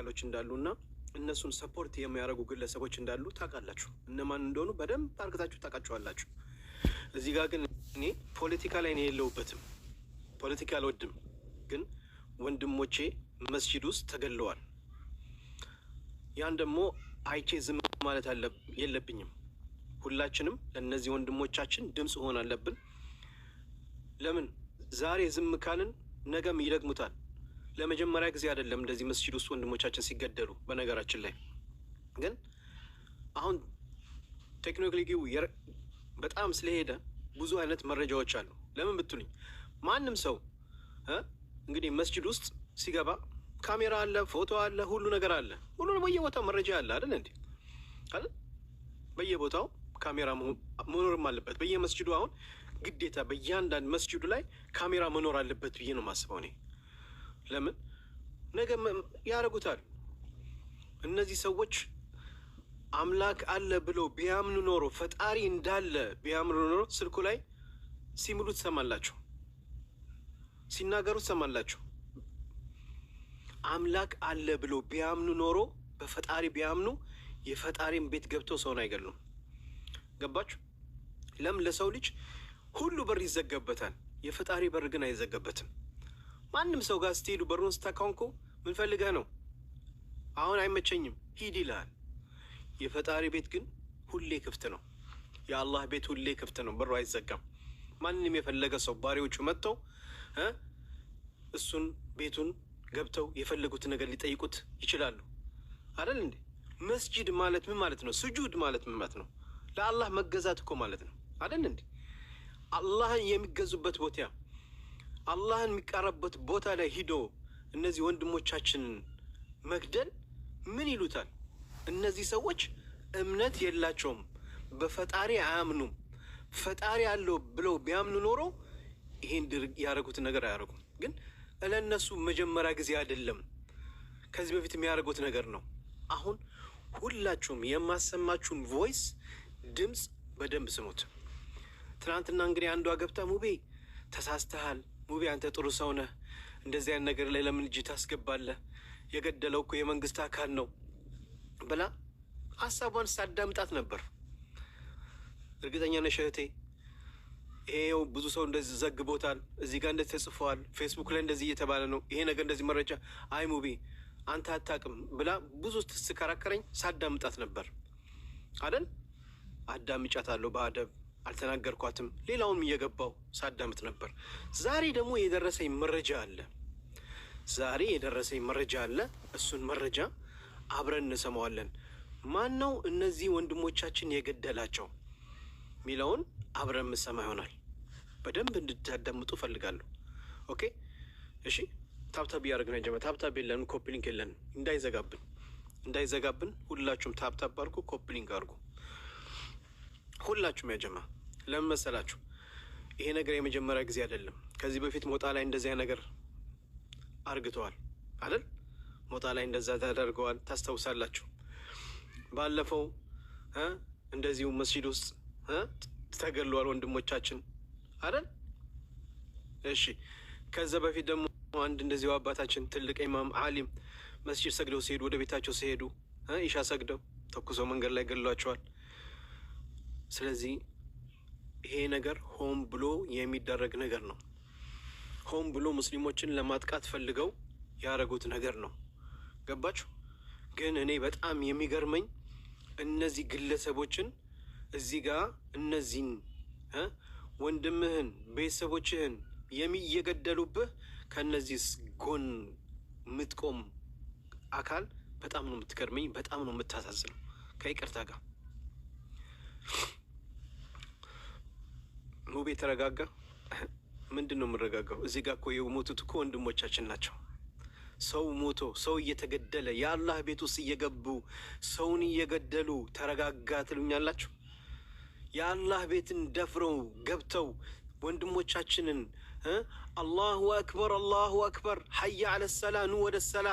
አካሎች እንዳሉና እነሱን ሰፖርት የሚያደርጉ ግለሰቦች እንዳሉ ታውቃላችሁ። እነማን እንደሆኑ በደንብ አርግታችሁ ታውቃችኋላችሁ። እዚህ ጋር ግን እኔ ፖለቲካ ላይ ነው የለውበትም። ፖለቲካ አልወድም። ግን ወንድሞቼ መስጂድ ውስጥ ተገለዋል። ያን ደግሞ አይቼ ዝም ማለት የለብኝም። ሁላችንም ለእነዚህ ወንድሞቻችን ድምፅ ሆን አለብን። ለምን ዛሬ ዝም ካልን ነገም ይደግሙታል። ለመጀመሪያ ጊዜ አይደለም እንደዚህ መስጂድ ውስጥ ወንድሞቻችን ሲገደሉ። በነገራችን ላይ ግን አሁን ቴክኖሎጂው በጣም ስለሄደ ብዙ አይነት መረጃዎች አሉ። ለምን ብትሉኝ ማንም ሰው እንግዲህ መስጂድ ውስጥ ሲገባ ካሜራ አለ፣ ፎቶ አለ፣ ሁሉ ነገር አለ። ሁሉ በየቦታው መረጃ አለ አይደል እንዴ? አይደል? በየቦታው ካሜራ መኖርም አለበት። በየመስጅዱ አሁን ግዴታ በእያንዳንድ መስጅዱ ላይ ካሜራ መኖር አለበት ብዬ ነው የማስበው እኔ። ለምን ነገ ያደርጉታል። እነዚህ ሰዎች አምላክ አለ ብለው ቢያምኑ ኖሮ ፈጣሪ እንዳለ ቢያምኑ ኖሮ ስልኩ ላይ ሲምሉ ትሰማላችሁ፣ ሲናገሩ ትሰማላችሁ። አምላክ አለ ብለው ቢያምኑ ኖሮ በፈጣሪ ቢያምኑ የፈጣሪን ቤት ገብተው ሰውን አይገሉም። ገባችሁ? ለም ለሰው ልጅ ሁሉ በር ይዘገበታል። የፈጣሪ በር ግን አይዘገበትም? ማንም ሰው ጋር ስትሄዱ በሩን ስታካውን ምንፈልገ ምን ፈልገህ ነው? አሁን አይመቸኝም ሂድ ይልሃል። የፈጣሪ ቤት ግን ሁሌ ክፍት ነው። የአላህ ቤት ሁሌ ክፍት ነው፣ በሩ አይዘጋም። ማንም የፈለገ ሰው ባሪዎቹ መጥተው እሱን ቤቱን ገብተው የፈለጉት ነገር ሊጠይቁት ይችላሉ። አይደል እንዴ? መስጂድ ማለት ምን ማለት ነው? ስጁድ ማለት ምን ማለት ነው? ለአላህ መገዛት እኮ ማለት ነው። አይደል እንዴ? አላህን የሚገዙበት ቦታ አላህን የሚቃረበት ቦታ ላይ ሂዶ እነዚህ ወንድሞቻችንን መግደል ምን ይሉታል? እነዚህ ሰዎች እምነት የላቸውም፣ በፈጣሪ አያምኑም። ፈጣሪ አለው ብለው ቢያምኑ ኖሮ ይሄን ያደረጉትን ነገር አያደርጉም። ግን ለእነሱ መጀመሪያ ጊዜ አይደለም፣ ከዚህ በፊት የሚያደርጉት ነገር ነው። አሁን ሁላችሁም የማሰማችሁን ቮይስ ድምፅ በደንብ ስሙት። ትናንትና እንግዲህ አንዷ ገብታ ሙቤ ተሳስተሃል ሙቢ አንተ ጥሩ ሰው ነህ። እንደዚህ አይነት ነገር ላይ ለምን እጅ ታስገባለህ? የገደለው እኮ የመንግስት አካል ነው ብላ ሀሳቧን ሳዳምጣት ነበር። እርግጠኛ ነሽ እህቴ? ይሄው ብዙ ሰው እንደዚህ ዘግቦታል። እዚህ ጋር እንደዚህ ተጽፈዋል፣ ፌስቡክ ላይ እንደዚህ እየተባለ ነው፣ ይሄ ነገር እንደዚህ መረጃ። አይ ሙቢ አንተ አታውቅም ብላ ብዙ ስትከራከረኝ ሳዳምጣት ነበር አደል። አዳምጫታለሁ በአደብ አልተናገርኳትም። ሌላውንም እየገባው ሳዳምጥ ነበር። ዛሬ ደግሞ የደረሰኝ መረጃ አለ። ዛሬ የደረሰኝ መረጃ አለ። እሱን መረጃ አብረን እንሰማዋለን። ማን ነው እነዚህ ወንድሞቻችን የገደላቸው ሚለውን አብረን የምሰማ ይሆናል። በደንብ እንድታዳምጡ ፈልጋለሁ። ኦኬ እሺ። ታብታብ እያደረግን ጀመ ታብታብ የለን ኮፒሊንክ የለን እንዳይዘጋብን እንዳይዘጋብን፣ ሁላችሁም ታብታብ አድርጉ፣ ኮፒሊንክ አድርጉ። ሁላችሁም ያጀማ ለምን መሰላችሁ? ይሄ ነገር የመጀመሪያ ጊዜ አይደለም። ከዚህ በፊት ሞጣ ላይ እንደዚያ ነገር አርግተዋል አይደል? ሞጣ ላይ እንደዛ ተደርገዋል፣ ታስታውሳላችሁ። ባለፈው እንደዚሁ መስጂድ ውስጥ ተገሏል ወንድሞቻችን አይደል? እሺ። ከዛ በፊት ደግሞ አንድ እንደዚሁ አባታችን ትልቅ ኢማም አሊም መስጂድ ሰግደው ሲሄዱ ወደ ቤታቸው ሲሄዱ ኢሻ ሰግደው ተኩሰው መንገድ ላይ ገሏቸዋል። ስለዚህ ይሄ ነገር ሆን ብሎ የሚደረግ ነገር ነው። ሆን ብሎ ሙስሊሞችን ለማጥቃት ፈልገው ያደረጉት ነገር ነው። ገባችሁ? ግን እኔ በጣም የሚገርመኝ እነዚህ ግለሰቦችን እዚህ ጋ እነዚህን ወንድምህን ቤተሰቦችህን የሚየገደሉብህ ከእነዚህ ጎን የምትቆም አካል በጣም ነው የምትገርመኝ። በጣም ነው የምታሳዝነው ከይቅርታ ጋር ሙቤ ተረጋጋ። ምንድን ነው የምረጋጋው? እዚህ ጋር እኮ የሞቱት እኮ ወንድሞቻችን ናቸው። ሰው ሞቶ ሰው እየተገደለ የአላህ ቤት ውስጥ እየገቡ ሰውን እየገደሉ ተረጋጋ ትሉኛላችሁ? የአላህ ቤትን ደፍረው ገብተው ወንድሞቻችንን አላሁ አክበር አላሁ አክበር ሀያ አለ ሰላ ኑ ወደ ሰላ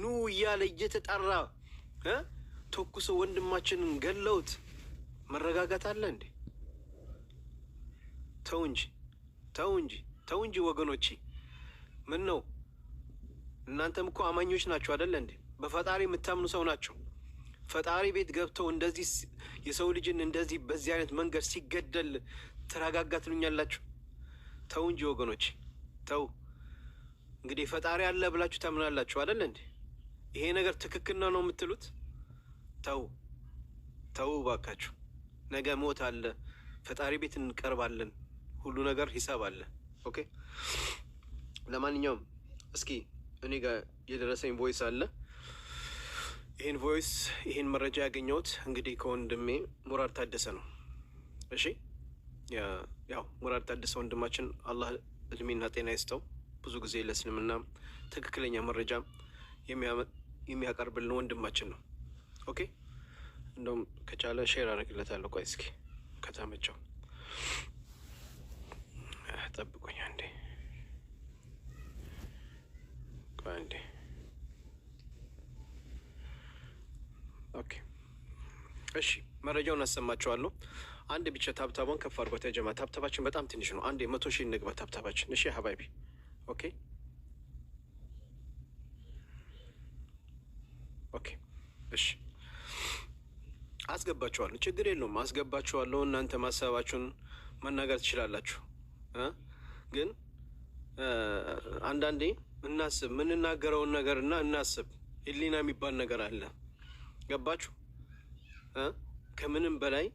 ኑ እያለ እየተጠራ ተኩሰው ወንድማችንን ገለውት መረጋጋት አለ እንዴ? ተው እንጂ ተው እንጂ ተው እንጂ ወገኖቼ፣ ምን ነው እናንተም እኮ አማኞች ናቸው አደለ እንዴ? በፈጣሪ የምታምኑ ሰው ናቸው። ፈጣሪ ቤት ገብተው እንደዚህ የሰው ልጅን እንደዚህ በዚህ አይነት መንገድ ሲገደል ተረጋጋ ትሉኛላችሁ? ተው እንጂ ወገኖቼ ተው። እንግዲህ ፈጣሪ አለ ብላችሁ ታምናላችሁ አደለ እንዴ? ይሄ ነገር ትክክል ነው የምትሉት? ተው ተው ባካችሁ። ነገ ሞት አለ፣ ፈጣሪ ቤት እንቀርባለን። ሁሉ ነገር ሂሳብ አለ። ኦኬ ለማንኛውም እስኪ እኔ ጋር የደረሰኝ ቮይስ አለ። ይህን ቮይስ ይህን መረጃ ያገኘሁት እንግዲህ ከወንድሜ ሙራድ ታደሰ ነው። እሺ ያው ሙራድ ታደሰ ወንድማችን አላህ እድሜና ጤና ይስጠው። ብዙ ጊዜ ለእስልምና ትክክለኛ መረጃ የሚያቀርብልን ወንድማችን ነው። ኦኬ እንደውም ከቻለ ሼር አደርግለታለሁ። ቆይ እስኪ ከተመቸው ጠብቁኝ አንዴ አንዴ። ኦኬ እሺ፣ መረጃውን አሰማችኋለሁ። አንድ ብቻ ታብታቧን ከፍ አድርጓት ያጀማ። ታብታባችን በጣም ትንሽ ነው። አንዴ መቶ ሺህ እንግባ ታብታባችን። እሺ ሀባይቢ ኦኬ ኦኬ እሺ፣ አስገባችኋለሁ። ችግር የለውም። አስገባችኋለሁ። እናንተ ማሰባችሁን መናገር ትችላላችሁ። ግን አንዳንዴ እናስብ፣ የምንናገረውን ነገር እና እናስብ። ህሊና የሚባል ነገር አለ። ገባችሁ? ከምንም በላይ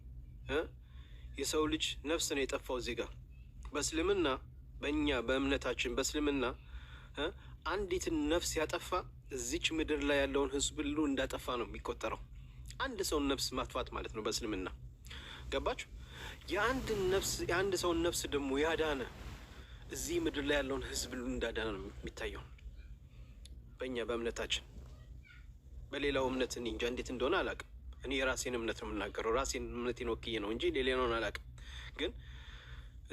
የሰው ልጅ ነፍስ ነው የጠፋው እዚህ ጋር በእስልምና በእኛ በእምነታችን በእስልምና አንዲትን ነፍስ ያጠፋ እዚች ምድር ላይ ያለውን ህዝብ ሁሉ እንዳጠፋ ነው የሚቆጠረው። አንድ ሰውን ነፍስ ማጥፋት ማለት ነው በእስልምና ገባችሁ? የአንድን ነፍስ የአንድ ሰውን ነፍስ ደግሞ ያዳነ እዚህ ምድር ላይ ያለውን ህዝብ እንዳዳነ ነው የሚታየው። በእኛ በእምነታችን በሌላው እምነት እኔ እንጃ እንዴት እንደሆነ አላውቅም። እኔ የራሴን እምነት ነው የምናገረው። ራሴን እምነቴን ወክዬ ነው እንጂ ሌላውን አላውቅም። ግን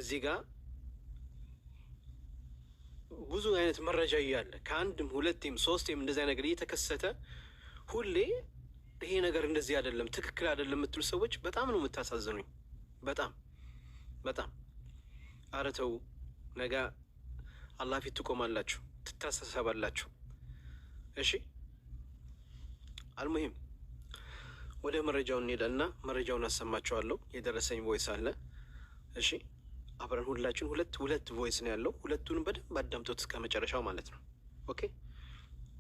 እዚህ ጋር ብዙ አይነት መረጃ እያለ ከአንድም ሁለቴም ሶስቴም እንደዚህ ነገር እየተከሰተ ሁሌ ይሄ ነገር እንደዚህ አይደለም፣ ትክክል አይደለም የምትሉ ሰዎች በጣም ነው የምታሳዝኑኝ። በጣም በጣም አረተው ነገ አላህ ፊት ትቆማላችሁ፣ ትታሰሰባላችሁ። እሺ አልሙሂም ወደ መረጃውን እንሄዳና መረጃውን አሰማችኋለሁ። የደረሰኝ ቮይስ አለ። እሺ አብረን ሁላችን ሁለት ሁለት ቮይስ ነው ያለው። ሁለቱንም በደንብ አዳምጦት እስከ መጨረሻው ማለት ነው። ኦኬ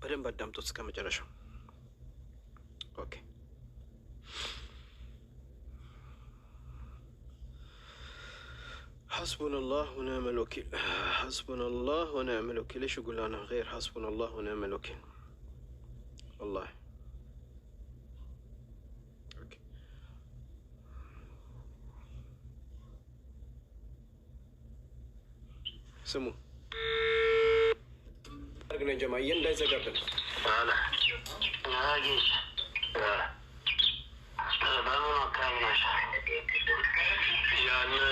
በደንብ አዳምጦት እስከ መጨረሻው ኦኬ حسبنا الله ونعم الوكيل حسبنا الله ونعم الوكيل ليش اقول انا غير حسبنا الله ونعم الوكيل والله أوكي. سمو ارقنا جماعيا لا يزقبل صالح لا جيش لا لا ما كان يا شيخ يعني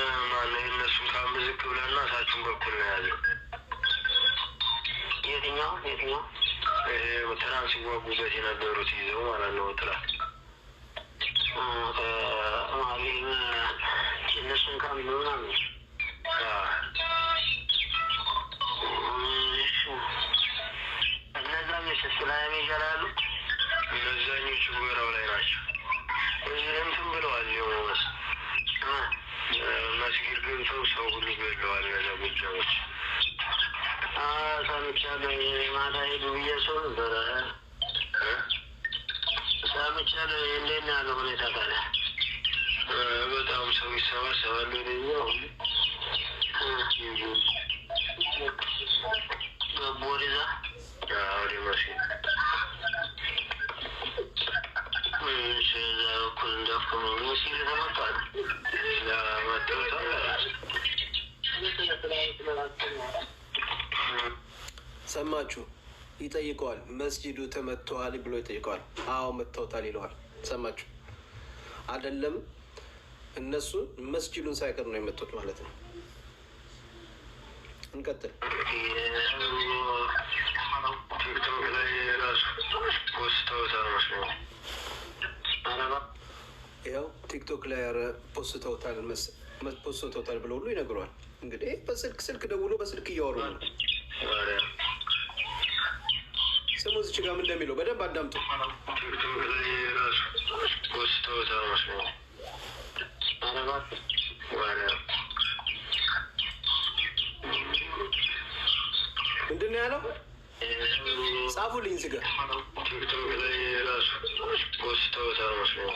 በኩል ነው ያለው። የትኛው ሲዋጉበት የነበሩት ይዘው ማለት ነው ጥላት ማሌም የእነሱን ካምፕ እነዛኞች በየቤቱ ሰው ሁሉ ገለዋል። ለጉጃዎች ሰምቻለሁ። ማታ ሄዱ ብዬ ሰው ነበረ ሰምቻለሁ። እንዴት ነው ያለው ሁኔታ? ታዲያ በጣም ሰው ይሰባሰባሉ ወደኛው ወደዛ ሰማችሁ? ይጠይቀዋል። መስጂዱ ተመትተዋል ብሎ ይጠይቀዋል። አዎ መተውታል ይለዋል። ሰማችሁ አይደለም? እነሱ መስጂዱን ሳይቀር ነው የመጡት ማለት ነው። እንቀጥል። ያው ቲክቶክ ላይ ያረ ፖስተውታል ፖስተውታል ብለ ሁሉ ይነግሯል። እንግዲህ በስልክ ስልክ ደውሎ በስልክ እያወሩ ነው ስሙ እዚች ጋር እንደሚለው በደንብ አዳምጡ። ምንድን ነው ያለው? ጻፉልኝ እዚህ ቲክቶክ ላይ ራሱ ጎስተውታ መስሎ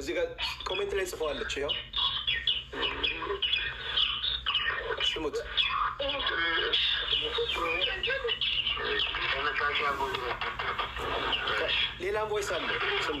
እዚህ ጋር ኮሜንት ላይ ጽፈዋለች። ያው ስሙት ሌላም ቮይስ አለ ስሙ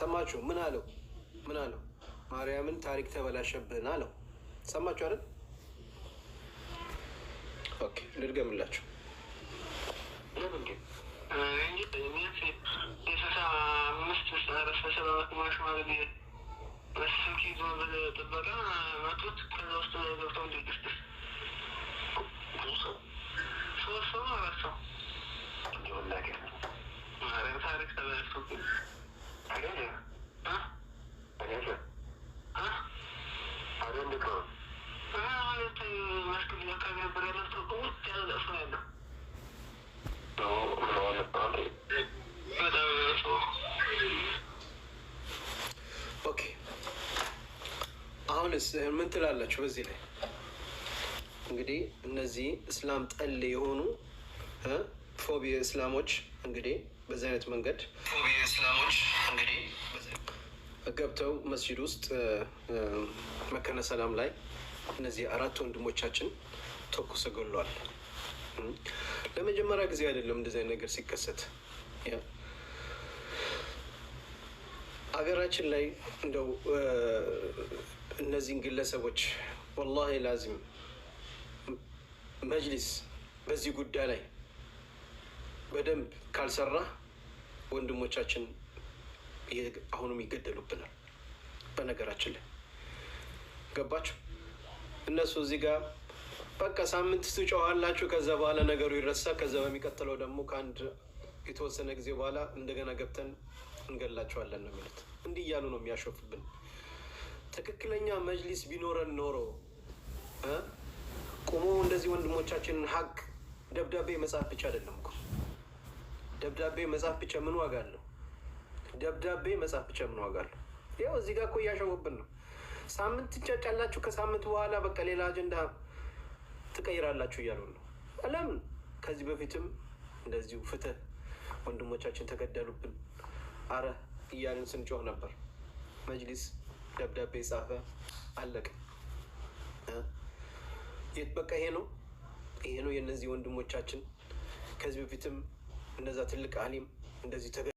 ሰማችሁ? ምን አለው? ምን አለው? ማርያምን ታሪክ ተበላሸብን አለው። ሰማችሁ አይደል? ኦኬ ልድገምላችሁ። ታሪክ አሁንስ ምን ትላላችሁ በዚህ ላይ? እንግዲህ እነዚህ እስላም ጠል የሆኑ ፎቢ እስላሞች እንግዲህ በዚህ አይነት መንገድ ፎቢ እስላሞች እንግዲህ ገብተው መስጂድ ውስጥ መከነ ሰላም ላይ እነዚህ አራት ወንድሞቻችን ተኩስ ገሏል። ለመጀመሪያ ጊዜ አይደለም እንደዚህ አይነት ነገር ሲከሰት። ሀገራችን ላይ እንደው እነዚህን ግለሰቦች ወላሂ ላዚም መጅሊስ በዚህ ጉዳይ ላይ በደንብ ካልሰራ ወንድሞቻችን አሁንም ይገደሉብናል። በነገራችን ላይ ገባችሁ። እነሱ እዚህ ጋር በቃ ሳምንት ትጨዋላችሁ፣ ከዛ በኋላ ነገሩ ይረሳ። ከዛ በሚቀጥለው ደግሞ ከአንድ የተወሰነ ጊዜ በኋላ እንደገና ገብተን እንገላቸዋለን ነው የሚሉት። እንዲህ እያሉ ነው የሚያሾፍብን። ትክክለኛ መጅሊስ ቢኖረን ኖሮ ቁሞ እንደዚህ ወንድሞቻችንን ሀቅ ደብዳቤ መጽሐፍ ብቻ አይደለም እኮ ደብዳቤ መጻፍ ብቻ ምን ዋጋ አለው? ደብዳቤ መጻፍ ብቻ ምን ዋጋ አለው? ያው እዚህ ጋር እኮ እያሸወብን ነው። ሳምንት ትጫጫላችሁ፣ ከሳምንት በኋላ በቃ ሌላ አጀንዳ ትቀይራላችሁ እያሉ ነው። ለምን ከዚህ በፊትም እንደዚሁ ፍትህ ወንድሞቻችን ተገደሉብን አረ እያልን ስንጮህ ነበር። መጅሊስ ደብዳቤ ጻፈ፣ አለቀ። የት በቃ ይሄ ነው ይሄ ነው የእነዚህ ወንድሞቻችን ከዚህ በፊትም እነዛ ትልቅ አሊም እንደዚህ